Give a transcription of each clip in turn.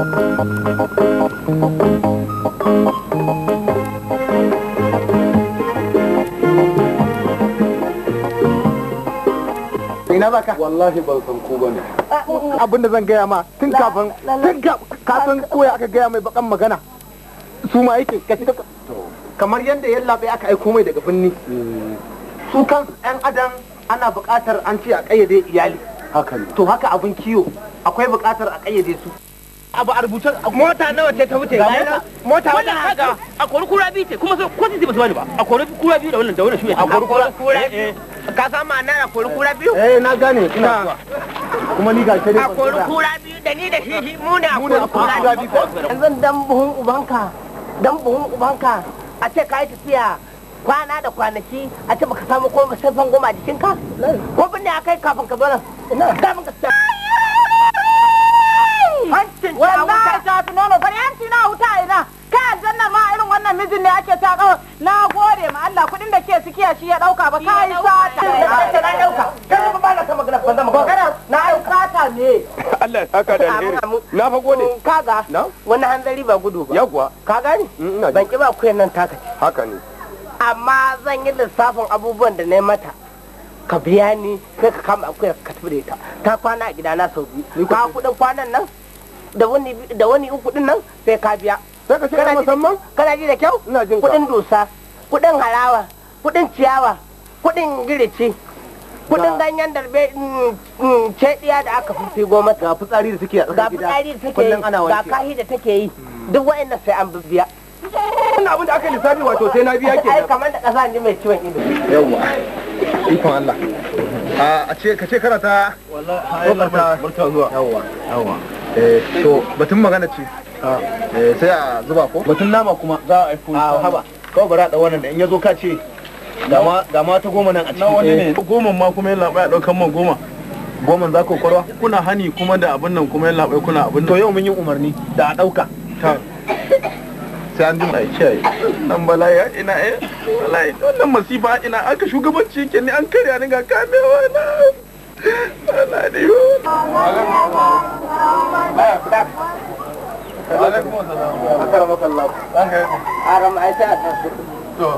ina ba ka wallahi ban san ku bane ah, mm, mm. abinda zan gaya ma tun kafin tun kafin koya aka gaya mai bakan magana su ma yake kamar yadda yalla bai aka aiko mai daga binni mm. su kan yan adam ana buƙatar an ce a ƙayyade iyali to haka abin kiwo akwai buƙatar a ƙayyade su abu a rubuce mota nawa ce ta wuce ga mota wannan haka a kori kura biyu ce kuma sai ko titi ba su bani ba a kori kura da wannan da wannan shi a kori kura biyu eh, eh. ka san ma na a kori eh na gane ina kuma ni ga shi a kori kura biyu da ni da shi mu ne a kori kura biyu yanzu dan buhun ubanka dan buhun ubanka a ce kai tafiya kwana da kwanaki a ce baka samu ko masafan goma jikinka ko bin ne akai kafin ka zo nan kafin ka da ake ta kawo na gode ma Allah kudin da ke sikiya shi ya dauka ba kai ka yi sata. Na dauka Kai ba ba na ta magana ban zama ba na ɗauka. Sata ne. Allah ya saka da alheri. Na fa gode. Mm, kaga. wannan hanzari ba gudu ba. Yawwa. Ka gani? Mm, ban ki ba kuyan nan taka Haka ne. Amma zan yi lissafin abubuwan da na yi mata. ka biya ni sai ka kama akuya ka tafi da ita ta kwana a gidana sau biyu ka kudin kwanan nan da wani uku din nan sai ka biya sai ka ce na musamman kana ji da kyau ina jin kudin dusa kudin harawa kudin ciyawa kudin girici kudin ganyen darbe cediya mm, mm, da aka fi goma ga fitsari da take a tsakar gida ga fitsari da take yi ga kahi da take yi duk wa'annan sai an bibiya wannan abin da aka lissafi wato sai na biya kenan ai kamar da kasa ne mai ciwon ido yawa ikon Allah a ce ka ce karata wallahi ha barka zuwa yawa yawa eh to batun magana ce Eh, sai a zuba ko batun nama kuma za a aiko ah, a haba kawai bara da wannan da in yazo ka ce ga ma ta goma nan a ciki wani ne eh. goma ma kuma ya labai a daukan man goma goma za ku kwarwa kuna hani kuma da abin nan kuma ya labai kuna abin to yau mun yi umarni da a dauka sai an jima aiki yayi nan bala'i ya ina eh bala'i wannan masifa ina ka shugabanci yake ne an karya ni ga kamewa na Allah ne yau. alaikum assalam akaramaka Allah ranka yi aram ai ta to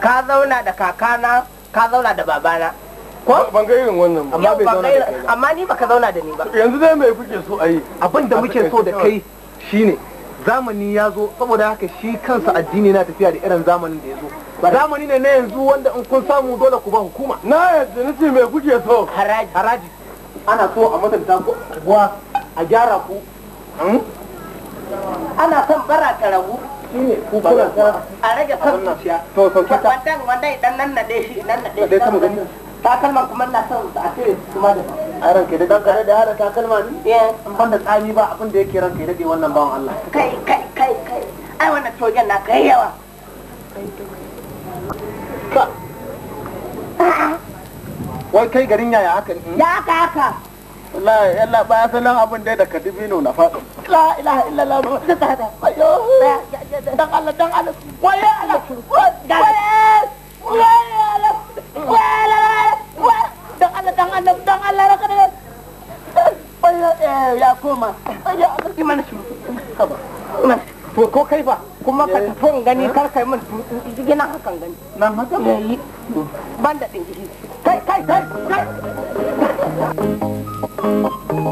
ka zauna da kakana ka zauna da babana ko irin wannan ba bai zauna da kai amma ni baka zauna da ni ba yanzu dai me kuke so a yi abin da muke so da kai shine zamani ya zo saboda haka shi kansa addini na tafiya da irin zamanin da ya zo zamani ne na yanzu wanda in kun samu dole ku ba hukuma na yanzu nace me kuke so haraji haraji ana so a mutunta ku unguwa a gyara ku hmm? ana son bara ta ragu a rage son zuciya ta wannan idan nan nade shi nan nade shi gani takalman kuma na son a ce kuma da a ranke da da hada takalma ne eh ban da tsami ba abin da yake ranke wannan bawan Allah kai kai kai kai ai wannan na kai yawa wai kai garin yaya haka ne ya haka haka wallahi yalla ba ya sanan abin dai da kadibino na faɗo la ilaha illallah ba da tsada ayo dan Allah dan Allah wai Allah waye wai Allah wai waye dan Allah dan Allah dan Allah raka da waye ya koma waye Allah imana shi haba imana to ko kai ba kuma ka tafi gani kar kai min gina hakan gani na haka ne eh, yi ban din kai kai kai kai